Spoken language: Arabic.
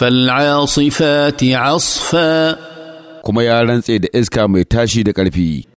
فالعاصفات عصفا كما يا رنتسي da iska